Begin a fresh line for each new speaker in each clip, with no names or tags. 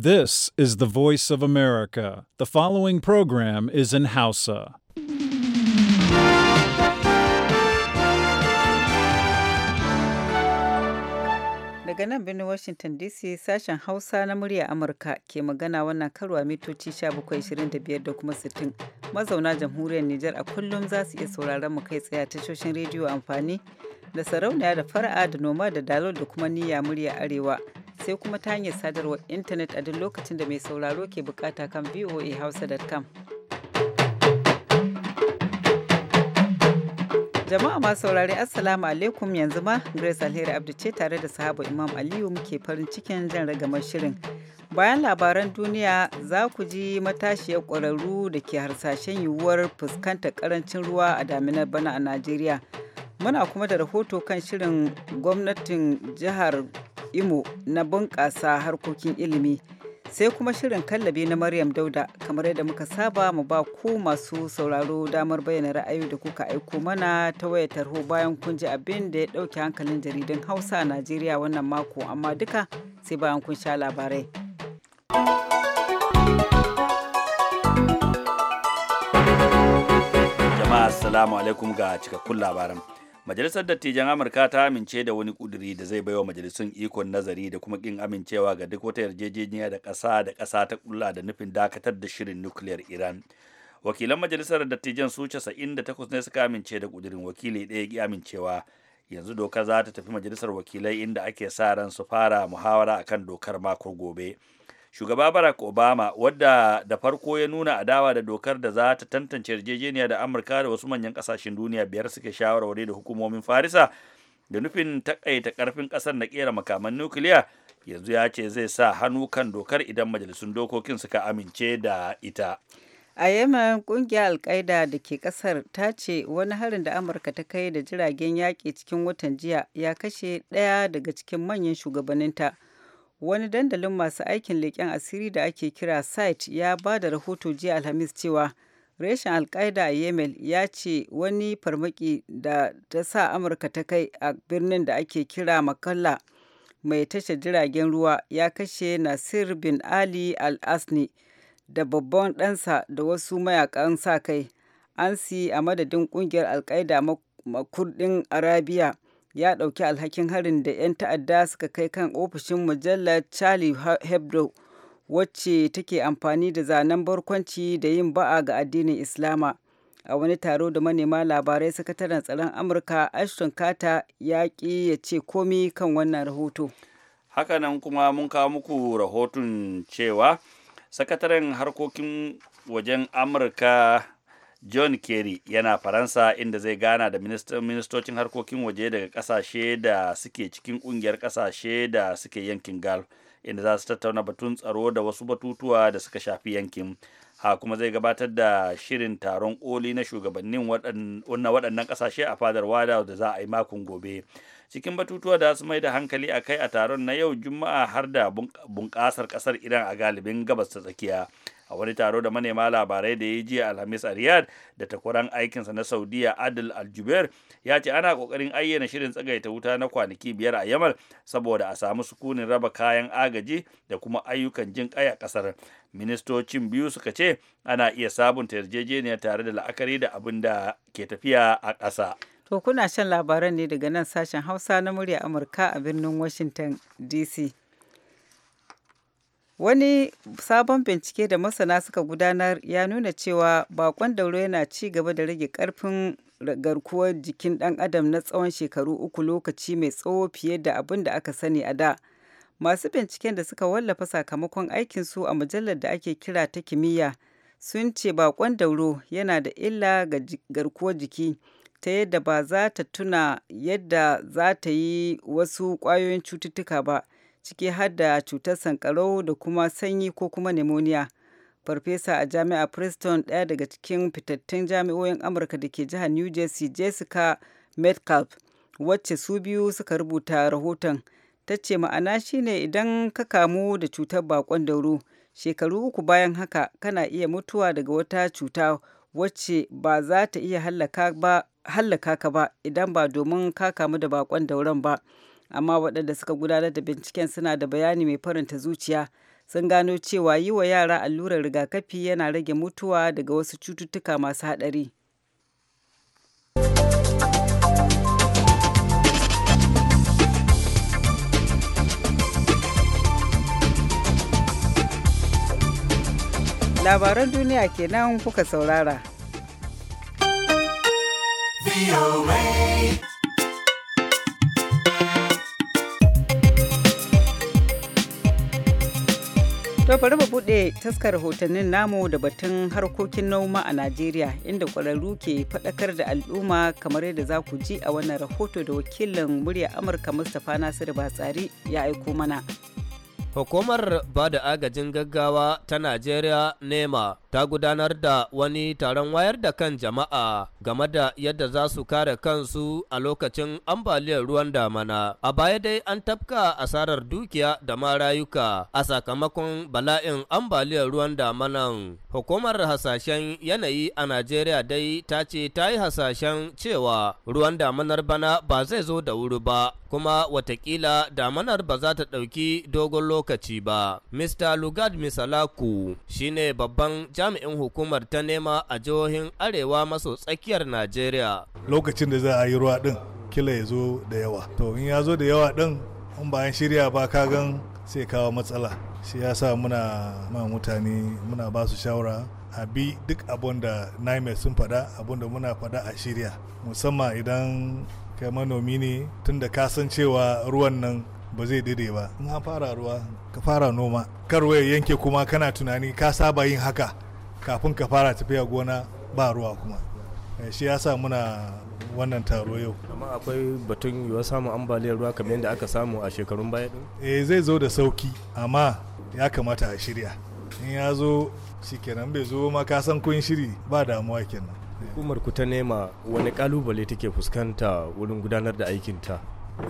This is the voice of America. The following program is in Hausa. Daga nan birnin Washington DC sashen Hausa na murya Amurka ke magana wannan karwa mitoci 1725 da kuma 60. Mazauna jamhuriyar Nijar a kullum za su iya sauraron mu kai tsaye tashoshin rediyo amfani da sarauniya da fara'a da noma da dalo da kuma niyya murya arewa. sai kuma ta hanyar sadarwar intanet a duk lokacin da mai sauraro ke bukata kan voahausa.com. Jama'a ma saurari Assalamu alaikum yanzu ma Grace Alheri Abdu ce tare da sahaba Imam Aliyu muke farin cikin jan ragamar shirin. Bayan labaran duniya za ku ji matashiyar ƙwararru da ke harsashen yiwuwar fuskantar ƙarancin ruwa a daminar bana a Najeriya. Muna kuma da rahoto kan shirin gwamnatin jihar Imo na bunƙasa harkokin ilimi. Sai kuma shirin kallabi na Maryam Dauda kamar yadda muka saba mu ba ku masu sauraro damar bayyana ra'ayi da kuka aiko mana ta wayar tarho bayan kun ji abin da ya ɗauke hankalin jaridun Hausa a Najeriya wannan mako amma duka sai bayan kun sha labarai.
Jama'a assalamu alaikum ga cikakkun labaran. majalisar dattijan amurka ta amince da wani kuduri da zai baiwa majalisun ikon nazari da kuma kin amincewa ga duk wata yarjejeniya da ƙasa da ƙasa ta kula da nufin dakatar da shirin nukiliyar iran wakilan majalisar dattijan su takwas ne suka amince da kudirin wakili ɗaya ki amincewa yanzu doka za ta tafi majalisar wakilai inda ake sa ran su fara muhawara akan dokar mako gobe shugaba barack obama wadda da farko ya nuna adawa da dokar da za ta tantance yarjejeniya da amurka da wasu manyan kasashen duniya biyar suke shawarwari da hukumomin farisa da nufin takaita karfin kasar na kera makaman nukiliya yanzu ya ce zai sa hannu kan dokar idan majalisun dokokin suka amince
da ita a yemen kungiyar alkaida da ke kasar ta ce wani harin da amurka ta kai da jiragen yaƙi cikin watan jiya ya kashe ɗaya daga cikin manyan shugabanninta wani dandalin masu aikin leƙen asiri da ake kira site ya ba da rahoto jiya alhamis cewa reshen alkaida a yemen ya ce wani farmaki da ta sa amurka ta kai a birnin da ake kira makalla mai tashar jiragen ruwa ya kashe nasir bin ali al-asni da babban ɗansa da wasu mayakan sa kai an si a madadin ƙungiyar alkaida makurdin arabiya ya ɗauki alhakin harin da 'yan ta'adda suka kai kan ofishin mujallar charlie hebdo wacce take amfani da zanen barkwanci da yin ba'a ga addinin islama a wani taro da manema labarai sakataren tsaron amurka ashton carter ya ƙi ya ce komi kan wannan rahoto
hakanan kuma mun kawo muku rahoton cewa sakataren harkokin wajen amurka john kerry yana faransa inda zai gana da ministocin harkokin waje daga kasashe da suke cikin kungiyar kasashe da suke yankin gulf inda za su tattauna batun tsaro da wasu batutuwa da suka shafi yankin ha kuma zai gabatar da shirin taron koli na shugabannin na waɗannan ƙasashe a fadar wada da za a yi makon gobe cikin batutuwa da su mai da hankali a kai a taron na yau juma'a har da bunƙasar ƙasar iran a galibin gabas ta tsakiya a wani taro da manema labarai da ya jiya alhamis a riyad da takwaran aikinsa na saudiya adil aljubair ya ce ana kokarin ayyana shirin tsagaita wuta na kwanaki biyar a yamal saboda a samu sukunin raba kayan agaji da kuma ayyukan jin kai a kasar ministocin biyu suka ce ana iya sabunta yarjejeniya tare da la'akari da abin da ke tafiya a ƙasa
to kuna shan labaran ne daga nan sashen hausa na murya amurka a birnin washington dc Wani sabon bincike da masana suka gudanar ya nuna cewa bakon dauro yana ci gaba da rage karfin garkuwar jikin ɗan adam na tsawon shekaru uku lokaci mai tsawo fiye da abin da aka sani a da. Masu binciken da suka wallafa sakamakon aikinsu a mujallar da ake kira ta kimiyya sun ce bakon dauro yana da illa ga garkuwar jiki ta yadda ba za ta tuna yadda za ta yi wasu ƙwayoyin cututtuka ba. ciki har da cutar sankarau da kuma sanyi ko kuma pneumonia. Farfesa a jami'a Princeton ɗaya daga cikin fitattun jami'oyin Amurka da ke jihar New Jersey Jessica Metcalf wacce su biyu suka rubuta rahoton ta ce ma'ana shine idan ka kamu da cutar bakon dauro shekaru uku bayan haka kana iya mutuwa daga wata cuta wacce ba za ta iya hallaka ka ba idan ba domin ka kamu da bakon dauron ba amma waɗanda suka gudanar da binciken suna da bayani mai faranta zuciya sun gano cewa yi wa yara allurar rigakafi yana rage mutuwa daga wasu cututtuka masu haɗari. labaran duniya kenan kuka saurara. To bari mu bude taskar hotannin namu da batun harkokin noma a Najeriya inda ƙwararru ke faɗakar da al'umma kamar yadda za ku ji a wannan rahoto da wakilin murya Amurka Mustapha Nasiru Batsari ya aiko mana.
Hukumar ba da agajin gaggawa ta Najeriya nema ta gudanar da wani taron wayar da kan jama'a game da yadda za su kare kansu a lokacin ambaliyar ruwan damana. A baya dai an tafka asarar dukiya da ma rayuka a sakamakon bala'in ambaliyar ruwan damanan. Hukumar hasashen yanayi a Najeriya dai ta ce ta yi hasashen cewa ruwan damanar bana ba zai zo da wuri ba kuma watakila damanar ba za ta ɗauki dogon lokaci ba. Mr. Lugard Misalaku shi ne babban jami'in hukumar ta nema a jihohin Arewa maso tsakiyar Najeriya.
Lokacin da za a yi ruwa din kila ya zo da yawa. To in ya zo da yawa din in bayan shirya ba ka gan sai kawo matsala. Shi ya sa muna ma mutane muna ba su shawara a bi duk abin da mai sun faɗa abin da muna faɗa a shirya musamman idan kai manomi ne tun da ka san cewa ruwan nan ba zai dade ba in ha fara ruwa ka fara noma kar ya yanke kuma kana tunani ka saba yin haka kafin ka fara tafiya gona ba ruwa kuma eh, shi ya sa muna wannan taro yau
amma akwai batun yiwuwar samun ambaliyar ruwa kamar yadda aka samu a shekarun baya
eh zai zo da sauki amma ya kamata a shirya in ya zo shikenan bai zo ma ka kun shiri ba damuwa kenan
hukumar ku ta nema wani kalubale take fuskanta wurin gudanar da aikinta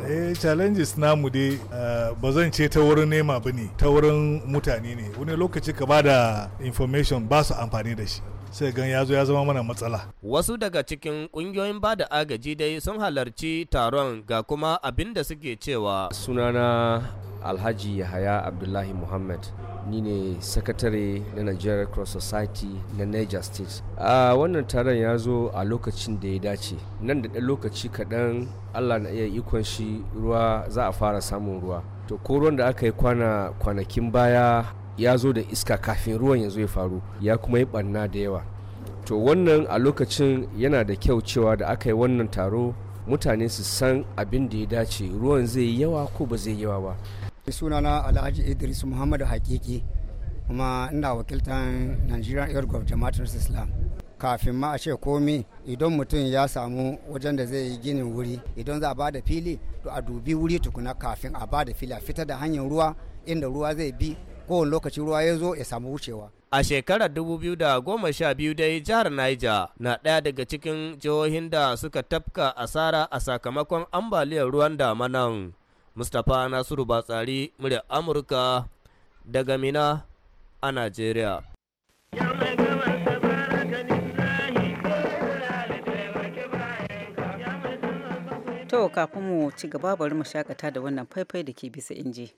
eh challenges namu dai eh, ba zan ce ta wurin nema ba ne ta wurin mutane ne wani lokaci ka ba da information ba su amfani da shi sai gan ya zo ya zama mana matsala.
Wasu daga cikin kungiyoyin ba da agaji dai sun halarci taron ga kuma abin da suke cewa.
Sunana
Alhaji Yahaya Abdullahi Muhammad ni ne sakatare na nigeria cross society na niger state a wannan taron ya zo a lokacin da ya dace nan da ɗan lokaci kaɗan allah na iya ikon shi ruwa za a fara samun ruwa to ko ruwan da aka yi kwana kwanakin baya ya zo da iska kafin ruwan ya zo ya faru ya kuma yi ɓanna da yawa to wannan a lokacin yana da kyau cewa da aka yi wannan taro mutane su san abin da ya dace ruwan zai yi yawa ko ba zai yawa ba sunana alhaji idris muhammadu hakiki kuma ina wakiltan nigerian air group jama'atar islam kafin ma a ce komi idan mutum ya samu wajen da zai yi ginin wuri idan za a da fili to a dubi wuri tukuna kafin a bada fili a fita da hanyar ruwa inda ruwa zai bi kowane lokaci ruwa ya zo ya samu wucewa
A shekarar 2012 dai jihar Niger na ɗaya daga cikin jihohin da suka tafka asara a sakamakon ambaliyar ruwan damanan. Mustapha Nasiru Batsari murya Amurka daga Mina a Najeriya.
To kafin mu ci gaba bari mu shakata da wannan faifai da ke bisa inji.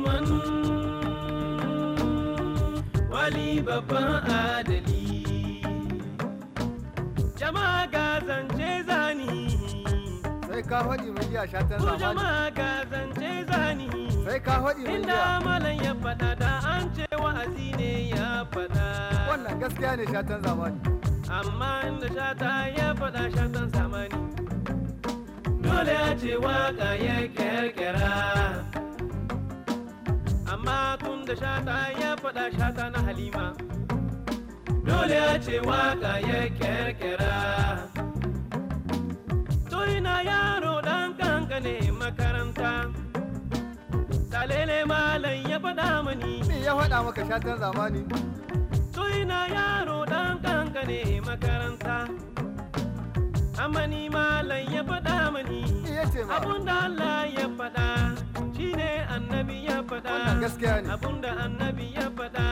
usman wali babban adali jama'a ga zance zani sai ka faɗi mai iya shatan zamani jama'a ga zance zani sai ka faɗi mai inda malam ya faɗa da an ce wa'azi ne ya faɗa wannan gaskiya ne shatan zamani amma inda shata ya faɗa shatan zamani dole a ce waka ya kyarkyara da shata ya faɗa shata na halima dole ya ce waka ya kerkera turina yaro dan kankane makaranta talele malam ya faɗa mani me ya faɗa maka shatan zamani turina yaro dan kankane makaranta amani malam ya faɗa mani abun da Allah ya faɗa shine annabi ya faɗa gaskiya ne abunda annabi ya faɗa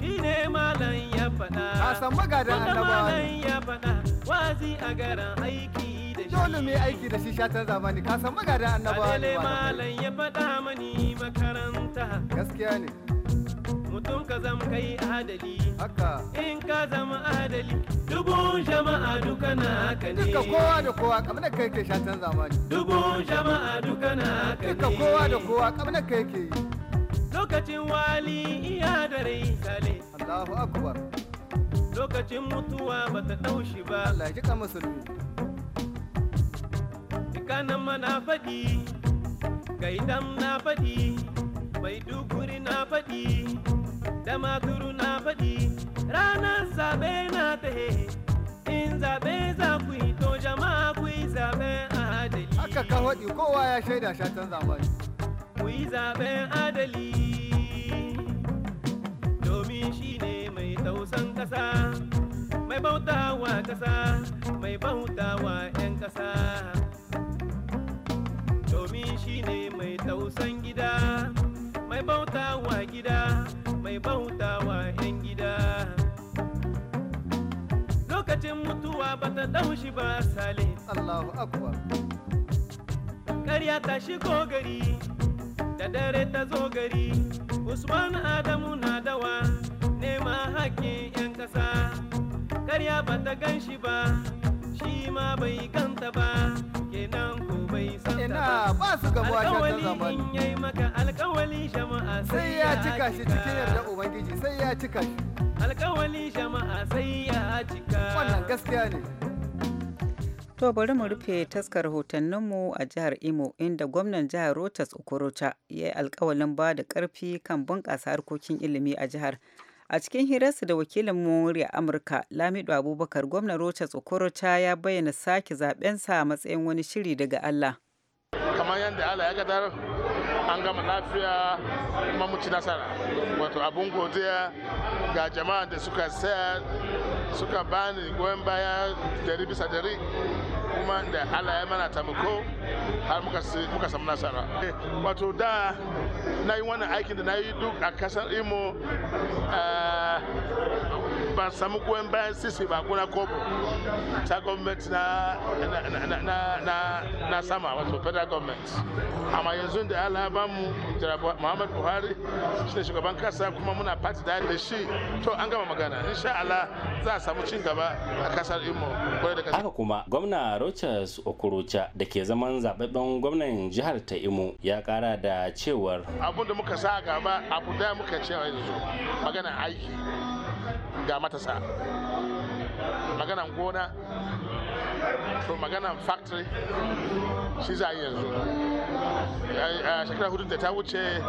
shine malam ya faɗa a san magada annabawa malam ya faɗa wazi a garan aiki da shi dole mai aiki da shi shatan zamani ka san magada annabawa ne malam ya faɗa mani makaranta gaskiya ne mutum ka zama kai adali haka in ka zama adali dubun jama'a duka na haka ne duka kowa da kowa kamar da kai ke shatan zamani dubun jama'a duka na haka ne duka kowa da kowa kamar da kai ke lokacin wali iya da rai sale Allahu akbar lokacin mutuwa ba ta daushi ba Allah ya ji musulmi kanan mana faɗi gaidan na faɗi mai duguri na faɗi da maturu na faɗi ranar zaɓe na tahe in zaɓe za ku yi to jama'a ku yi zaɓen adali haka ka faɗi kowa ya shaida shatan zamani ku yi zaɓen adali domin shi ne mai tausan ƙasa mai bautawa ƙasa mai bautawa 'yan ƙasa domin shi ne mai tausan gida mai bautawa gida mai bauta wa 'yan gida lokacin mutuwa ba ta ɗaushi ba sale Allahu akbar kariya ta shigo gari da dare ta zo gari usman adamu na dawa nema haƙƙin 'yan ƙasa karya ba ta gan ba shi ma bai kanta ba kenan ko bai san ba su gabuwa ta zamani in yayi maka alƙawali jama'a sai ya cika shi cikin yarda ubangiji sai ya cika shi alƙawali jama'a sai ya cika wannan gaskiya ne
To bari mu rufe taskar hotonninmu a jihar Imo inda gwamnan jihar Rotas Okorocha ya yi alkawalin ba da ƙarfi kan bunƙasa harkokin ilimi a jihar. a cikin hirarsa da wakilin a amurka lamido abubakar gwamnan rocha tsokorocha ya bayyana sake zabensa a matsayin wani shiri daga allah
kamar yadda allah ya gadar an gama lafiya kuma nasara wato abun godiya ga jama'a da suka saya suka bani goyon baya dari bisa dari kuma da Allah ya mana taimako har muka samu nasara wato da na yi wannan aikin da na yi duk a kasar imo eh, ba samu goyon bayan sisi ba kuna kopo ta gwamnati na na sama wato federal government amma yanzu da Allah ba mu Muhammad Buhari shi shugaban kasa kuma muna fati da da shi to an gama magana insha Allah za a samu cin gaba a kasar Imo haka
kuma gwamna Rochas Okurucha da ke zaman zababben gwamnan jihar ta Imo ya kara da cewar
abun da muka sa gaba abu da muka cewa yanzu magana aiki ga matasa maganan gona to maganan factory shi za a yanzu a shekara hudu da ta wuce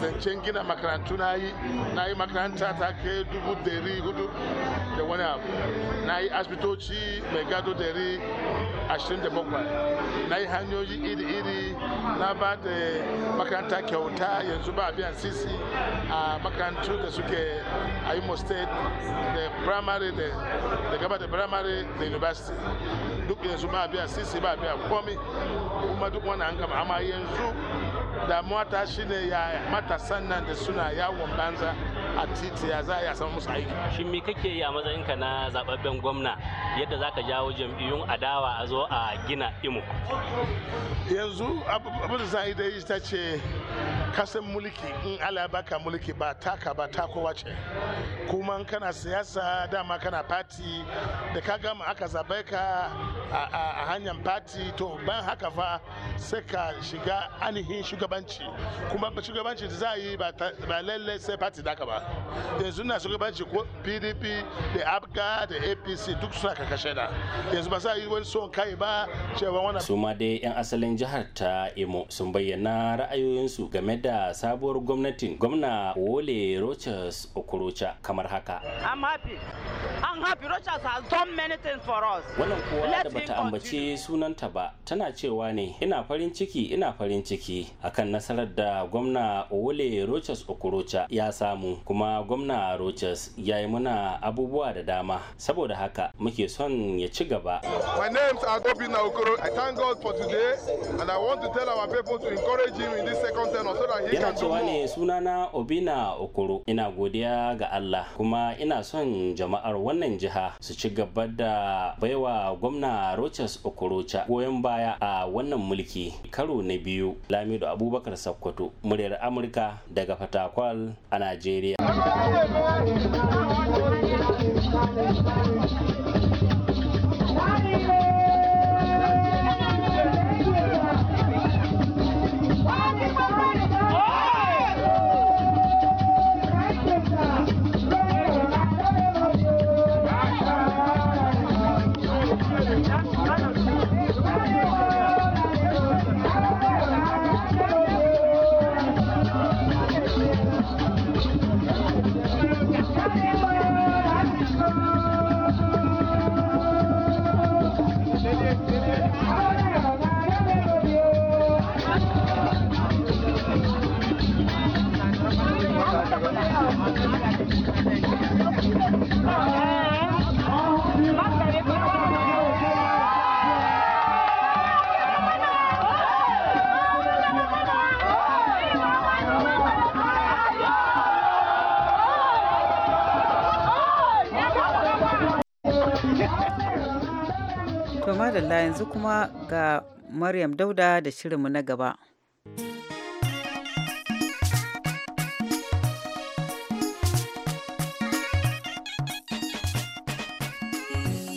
zancen gina makarantu na yi na yi makaranta ta ke dubu dari hudu da wani abu na yi asibitoci mai gado dari ashirin da bakwai na yi hanyoyi iri-iri na ba da makaranta kyauta yanzu ba biyan sisi a makarantu da suke a imo state da primary da gaba da primary da university duk yanzu ba sisi ba komi kuma duk wani an gama amma yanzu damuwa ta shine ya matasan nan da suna yawon banza a titi ya za a samu musu aiki shi me kake yi a matsayinka na zababben gwamna yadda zaka
jawo jam'iyyun adawa a zo a gina imo
yanzu abin da za a yi da ita ce kasan mulki in ala baka mulki ba taka ba ta kowa ce kuma kana siyasa dama kana fati da ka gama aka zabe ka a hanyar fati to ban haka fa sai ka shiga ainihin shugabanci kuma shugabanci da za a yi ba lallai sai fati daka ba yanzu na shugabanci ko pdp da abga da apc duk suna kakashe da yanzu ba za a yi wani son kai ba cewa wani su
ma dai yan asalin jihar ta imo sun bayyana ra'ayoyinsu game da sabuwar gwamnatin gwamna wole rochas okorocha kamar haka
i'm happy i'm happy rochas has done many things for us
wannan da bata ambace sunanta ba tana cewa ne ina farin ciki ina farin ciki akan nasarar da gwamna ole Rochas Okorocha ya samu kuma gwamna roches ya yi muna abubuwa da dama saboda haka muke son ya ci gaba.
My name is Adobina Okoro. I thank God for today and I want to tell our people to encourage him in this second term so that he Yana can do cewa ne
sunana Obina Okoro. Ina godiya ga Allah kuma ina son jama'ar wannan jiha su ci gaba da baiwa gwamna Rochas Okorocha goyon baya a wannan mulki karo na biyu Lamido Abubakar Sakkwato muryar Amurka daga Fatakwal a Najeriya.
ga Maryam Dauda da shirinmu na gaba.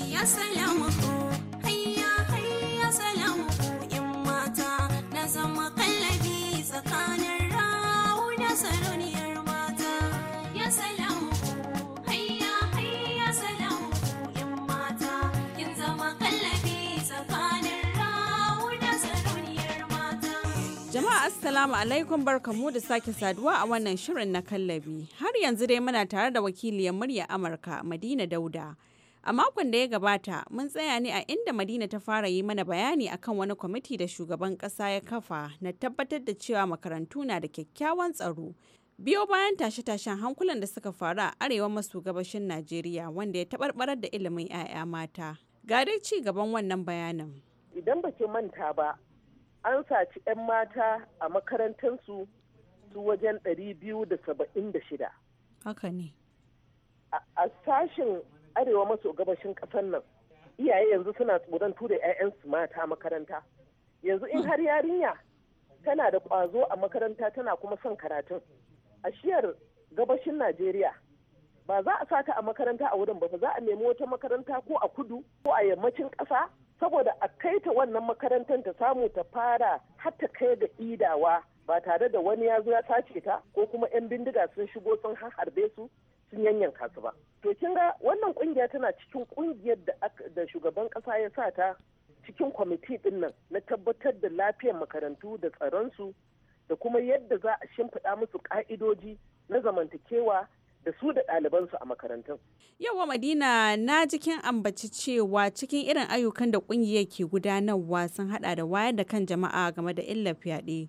Ya Jama'a Assalamu alaikum barkamu da sake saduwa a wannan shirin na kallabi. Har yanzu dai muna tare da wakiliyar murya Amurka Madina Dauda. A makon da ya gabata mun tsaya ne a inda Madina ta fara yi mana bayani akan wani kwamiti da shugaban kasa ya kafa na tabbatar da cewa makarantu na da kyakkyawan tsaro. Biyo bayan tashe-tashen hankulan da suka faru a arewa maso gabashin Najeriya wanda ya tabarbarar da ilimin 'ya'ya mata. Ga dai ci gaban wannan bayanin.
Idan ba manta ba an saci 'yan mata a makarantarsu su wajen 276 haka ne a sashen arewa maso gabashin ƙasar nan iyaye yanzu suna tsoron tura 'ya'yansu mata makaranta yanzu in har yarinya tana da ƙwazo a makaranta tana kuma son karatun a shiyar gabashin najeriya ba za a sata a makaranta a wurin ba za a nemi wata makaranta ko a kudu ko a yammacin ƙasa saboda a kai ta wannan makarantar ta samu ta fara har kai ga idawa ba tare da wani ya zo ya sace ta ko kuma 'yan bindiga sun shigo sun harbe su sun yanyanka su ba. To kin ga wannan kungiya tana cikin kungiyar da shugaban kasa ya sa ta cikin kwamiti din nan na tabbatar da lafiyar makarantu da tsaron su da kuma yadda za a shimfiɗa musu ƙa'idoji na zamantakewa da su da ɗalibansu a makarantun.
Yawa Madina na jikin ambaci cewa cikin irin ayyukan da ƙungiyar ke gudanarwa sun hada da wayar da kan jama'a game da illa fyaɗe.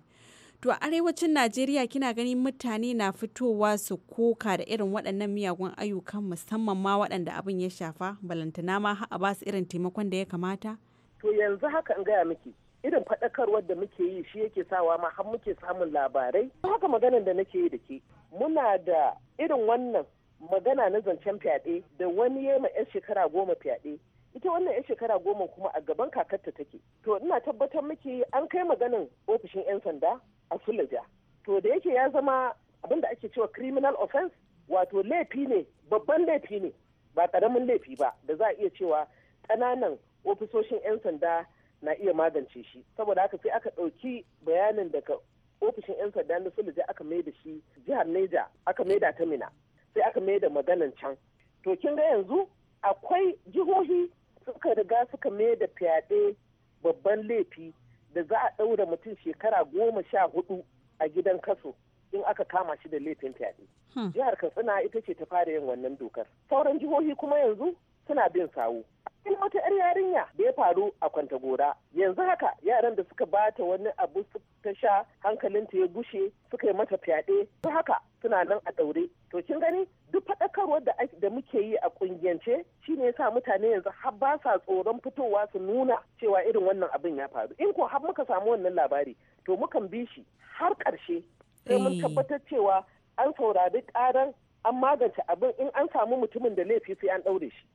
To a arewacin Najeriya kina ganin mutane na fitowa su koka da irin waɗannan miyagun ayyukan musamman ma waɗanda abin ya shafa balantana ma a ba su irin taimakon da ya kamata?
To yanzu haka in gaya miki irin faɗakarwar da muke yi shi yake sawa ma har muke samun labarai haka maganan da nake yi da ke muna da irin wannan magana na zancen fyaɗe da wani ya ma 'yan shekara goma fyaɗe ita wannan 'yan shekara goma kuma a gaban kakarta take to ina tabbatar muke an kai maganan ofishin 'yan sanda a sulaja to da yake ya zama abin da ake cewa criminal offense wato laifi ne babban laifi ne ba ƙaramin laifi ba da za a iya cewa ƙananan ofisoshin 'yan sanda na iya magance shi saboda haka sai aka ɗauki bayanin daga ofishin 'yan sanda na suluja aka mai da shi jihar neja aka mai da ta mina sai aka mai da maganan can to kin ga yanzu akwai jihohi suka riga suka mai da fyaɗe babban laifi da za a ɗaura mutum shekara goma sha hudu a gidan kaso in aka kama shi da laifin fyaɗe. Hmm. Jihar Katsina ita ce ta fara yin wannan dokar. Sauran jihohi kuma yanzu suna bin sawu ina wata 'yar yarinya da ya faru a kwanta gora yanzu haka yaran da suka bata wani abu ta sha hankalinta ya gushe suka yi mata fyaɗe yanzu haka suna nan a ɗaure to kin gani duk faɗakarwar da da muke yi a ƙungiyance shine sa mutane yanzu har ba sa tsoron fitowa su nuna cewa irin wannan abin ya faru in ko har muka samu wannan labari to mukan bi shi har ƙarshe sai mun eh. tabbatar cewa an saurari ƙarar an magance abin in an samu mutumin da laifi sai an ɗaure shi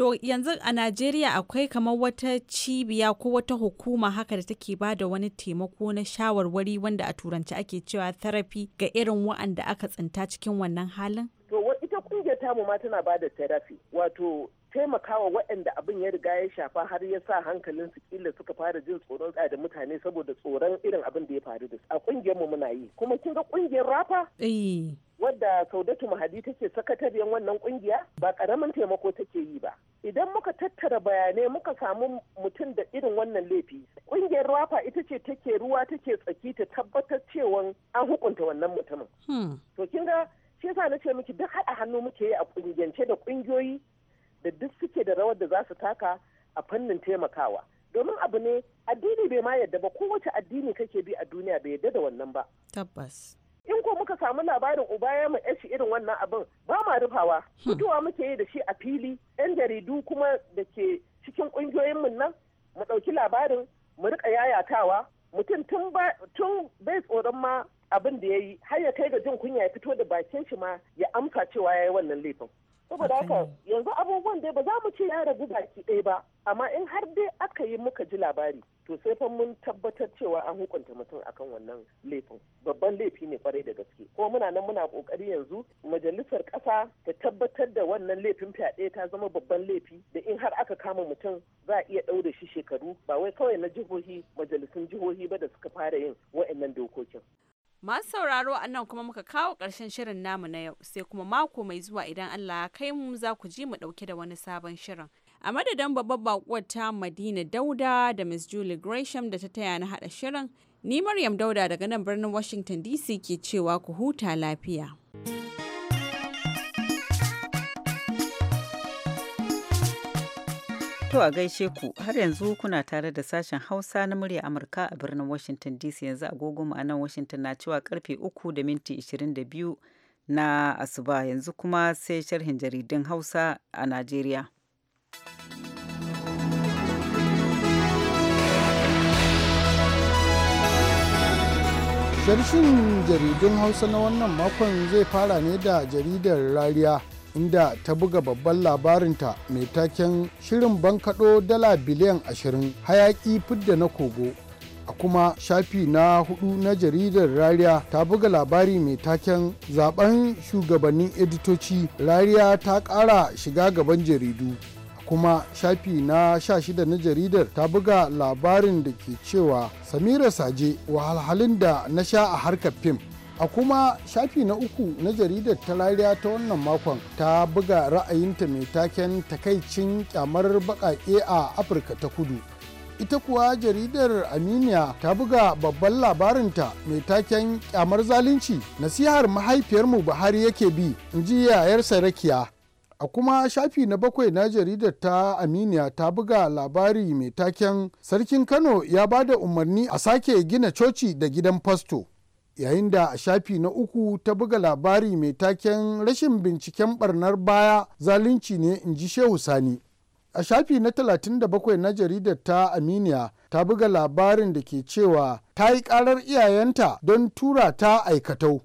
To yanzu a Najeriya akwai kamar wata cibiya ko wata hukuma haka da take ba da wani taimako na shawarwari wanda a turanci ake cewa therapy ga irin wa'anda aka tsinta cikin wannan halin?
To
ita kungiyar tamu ma tana ba da therapy wato taimakawa waɗanda abin ya riga ya shafa har ya sa hankalin su kila suka fara jin tsoron da mutane saboda tsoron irin abin da ya faru da su a kungiyar mu muna yi kuma kin ga ƙungiyar rafa eh. wadda saudatu mahadi take sakatariyar wannan kungiya ba karamin taimako take yi ba idan muka tattara bayanai muka samu mutum da irin wannan laifi Ƙungiyar rafa ita ce take ruwa take tsaki ta tabbatar cewa an hukunta wannan mutumin hmm. to kin ga shi yasa na ce miki duk haɗa hannu muke yi a ƙungiyance da ƙungiyoyi. da duk suke da rawar da za su taka a fannin taimakawa domin abu ne addini bai ma yadda ba kowace addini kake bi a duniya bai yadda da wannan ba
tabbas
in ko muka samu labarin uba ya mu shi irin wannan abin ba ma rufawa mutuwa hmm. muke yi da shi a fili yan jaridu kuma da ke cikin ƙungiyoyin mu nan mu ɗauki labarin mu rika yayatawa mutum tun bai tsoron ma abin da ya yi har ya kai ga jin kunya ya fito da bakin shi ma ya amsa cewa ya yi wannan laifin saboda haka yanzu abubuwan dai ba za mu ce ya ragu baki ɗaya ba amma in har dai aka yi muka ji labari to sai fa mun tabbatar cewa an hukunta mutum akan wannan laifin babban laifi ne kwarai da gaske ko muna nan muna kokari yanzu majalisar ƙasa ta tabbatar da wannan laifin fyaɗe ta zama babban laifi da in har aka kama mutum za a iya ɗaure shi shekaru ba wai kawai na jihohi majalisun jihohi ba da suka fara yin wa'annan dokokin
Masu sauraro a nan kuma muka kawo ƙarshen shirin namu na yau sai kuma mako mai zuwa idan Allah ya kai mu za ku ji mu ɗauke da wani sabon shirin. A madadin babbar bakuwar ta Madina Dauda da Miss Julie Gresham da ta taya na haɗa shirin, ni Maryam Dauda daga nan birnin Washington DC ke cewa ku huta lafiya. To a gaishe
ku har yanzu kuna tare da sashen Hausa na murya Amurka a birnin Washington DC yanzu agogo a nan Washington na cewa karfe 3 da minti 22 na asuba yanzu kuma sai sharhin jaridun Hausa a Najeriya.
Sharshin jaridun Hausa na wannan makon zai fara ne da jaridar Rariya. inda ta buga babban labarinta mai taken shirin bankaɗo dala biliyan 20 hayaƙi fidda na kogo a kuma shafi na hudu na jaridar rariya ta buga labari mai taken zaben shugabannin editoci rariya ta ƙara shiga gaban jaridu kuma shafi na sha shida na jaridar ta buga labarin da ke cewa samira saje wahalhalin da na sha a harkar fim a kuma shafi na uku na jaridar ta lariya ta wannan makon ta buga ra'ayinta mai taken takaicin kyamar baƙaƙe a afirka ta kudu ita kuwa jaridar aminiya ta buga babban labarinta mai taken kyamar zalunci nasihar mahaifiyarmu buhari yake bi in ji yayarsa sarakiya a kuma shafi na bakwai na jaridar ta aminiya ta buga labari mai taken sarkin kano ya ba da umarni a sake gina coci da gidan fasto yayin da a shafi na uku ta buga labari mai taken rashin binciken barnar baya zalunci ne in ji shehu sani a shafi na 37 na jaridar ta aminiya ta buga labarin da ke cewa ta yi karar iyayenta don tura ta aikatau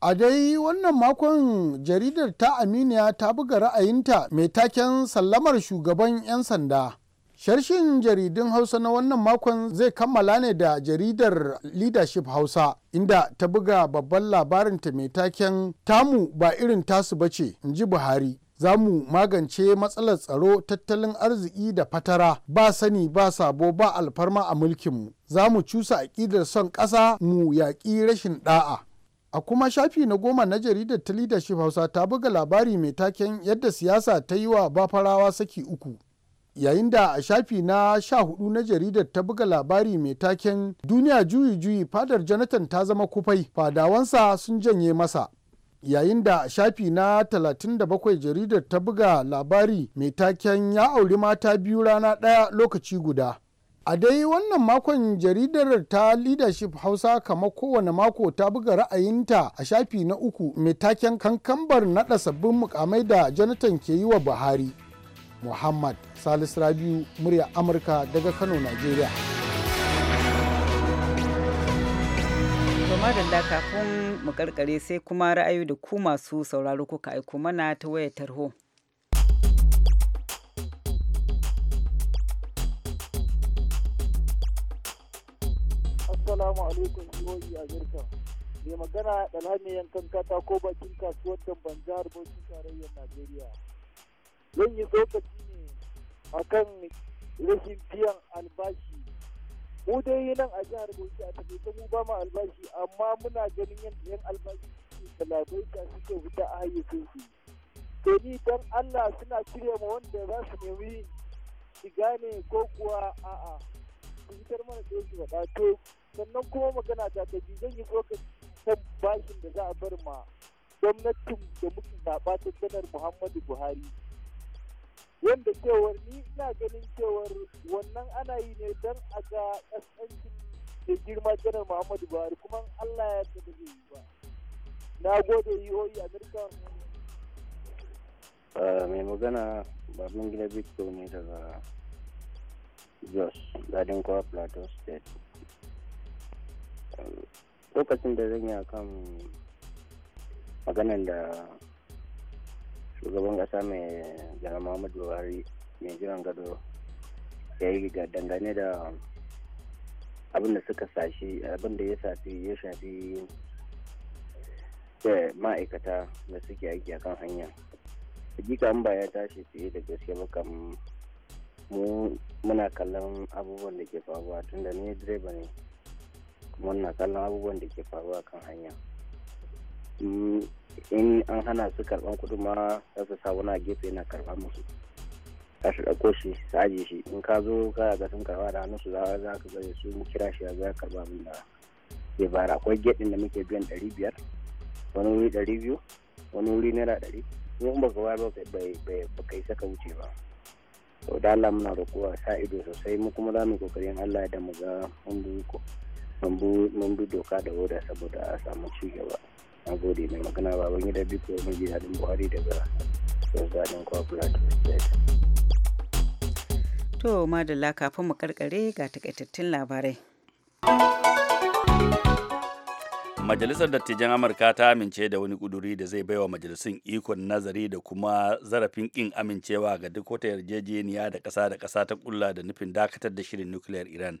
a dai wannan makon jaridar ta aminiya ta buga ra'ayinta mai taken sallamar shugaban 'yan sanda Sharshin jaridun Hausa na wannan makon zai kammala ne da jaridar Leadership Hausa inda ta buga babban labarinta mai taken tamu ba irin tasu ba ce, in ji Buhari. Za mu magance matsalar tsaro tattalin arziki da fatara ba sani ba sabo ba alfarma a mulkinmu. Za mu cusa aƙidar son ƙasa mu yaƙi rashin ɗa'a. a kuma shafi na goma na jaridar ta leadership hausa ta buga labari mai taken yadda siyasa ta yi wa bafarawa saki uku yayin da a shafi na sha hudu na jaridar ta buga labari mai taken duniya juyi juyi fadar jonathan ta zama kufai fadawansa sun janye masa yayin da a shafi na 37 jaridar ta buga labari mai taken ya auri mata biyu rana ɗaya lokaci guda a dai wannan makon jaridar ta leadership hausa kama kowane mako ta buga ra'ayinta a shafi na uku mai taken kankambar naɗa sabbin mukamai da jonathan ke yi wa buhari Muhammad Salis Rabiu murya Amurka daga Kano, Najeriya.
da kafin mu karkare sai kuma ra'ayi da ku masu sauraro kuka aiko mana ta wayar tarho.
Assalamu alaikum jihohi a
Girka. Mai magana da lamiyan yankan katako bakin kasuwar Tambanjar Bauchin Tarayyar Najeriya. zan yi lokaci ne a kan rashin biyan albashi mu dai nan a jihar bauchi a tafi ta ba mu albashi amma muna ganin yadda yan albashi suke talabaita suke fita a su to ni don allah suna cire ma wanda za su nemi shiga ne ko kuwa a'a su fitar mana da su faɗa to sannan kuma magana ta ta zan yi lokaci kan bashin da za a bar ma gwamnatin da muke zaɓa ta janar muhammadu buhari wanda cewar ni ina ganin cewar wannan ana yi ne don a ga kasancin da girma janar muhammadu buhari kuma allah ya ta zai yi ba na gode yi yihoyi
a mai magana babban gida victor ne daga jos gadin kowa plateau state ah, lokacin da zan yi akan maganan da shugaban kasa mai janar muhammadu buhari mai jiran gado ya yi ga dangane da abin da suka sashi abin da ya shafi ya shafi eh, ma'aikata da suke aiki akan hanya hakika ba ya tashi fiye da gaske ba kam mu muna kallon abubuwan da ke faruwa tunda ne direba ne muna kallon abubuwan da ke faruwa kan hanya mm, in an hana su karban kudu ma za su sa wani a gefe yana karba musu za shi ɗauko shi su ajiye shi in ka zo ka ga sun karba da hannun su za ka zai su kira shi a zai karba abin da zai bara akwai gedin da muke biyan ɗari biyar wani wuri ɗari biyu wani wuri naira ɗari in ba ka bayar ba kai saka wuce ba to da Allah muna roƙuwa sa ido sosai mu kuma za mu kokarin Allah da mu ga mun bi doka da oda saboda a samu cigaba. gaba. na gode mai magana baban gida biko mai daɗin buhari daga zanen kwakula
to madalla kafin mu karkare ga takaitattun labarai
majalisar dattijan amurka ta amince da wani kuduri da zai baiwa majalisun ikon nazari da kuma zarafin kin amincewa ga duk wata yarjejeniya da ƙasa da ƙasa ta kulla da nufin dakatar da shirin nukiliyar iran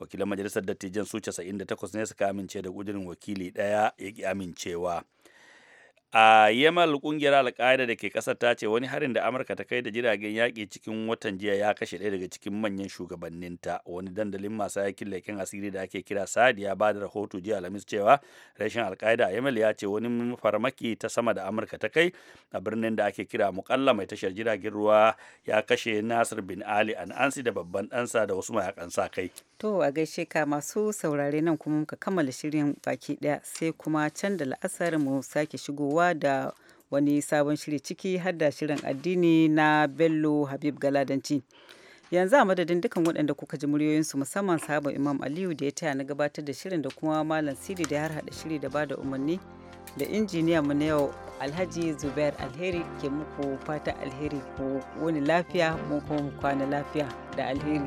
wakilan majalisar dattijan su 98 ne suka amince da kudirin wakili daya ya ki amincewa a yamal kungiyar alkaida da ke kasar ta ce wani harin da amurka ta kai da jiragen yaƙi cikin watan jiya ya kashe ɗaya daga cikin manyan shugabanninta wani dandalin masu yakin laifin asiri da ake kira sadi ya ba da rahoto jiya alhamis cewa rashin alkaida a yamal ya ce wani farmaki ta sama da amurka ta kai a birnin da ake kira mukalla mai tashar jiragen ruwa ya kashe nasir bin ali an ansi da babban ɗansa da wasu mayakan sa kai
to a gaishe ka masu saurare nan kuma muka kammala shirin baki ɗaya sai kuma can da la'asar mu sake shigowa shigowa da wani sabon shiri ciki har da shirin addini na bello habib galadanci yanzu a madadin dukkan waɗanda kuka ji muryoyinsu musamman sabon imam aliyu da ya taya na gabatar da shirin da kuma malam sidi da ya hada shiri da bada umarni da injiniya mu na yau alhaji zubair alheri ke muku fata alheri ko wani lafiya mu kuma kwana lafiya da alheri.